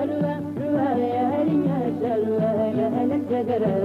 Selva, Selva, Selva, Selva, Selva, Selva, Selva, Selva, Selva, Selva,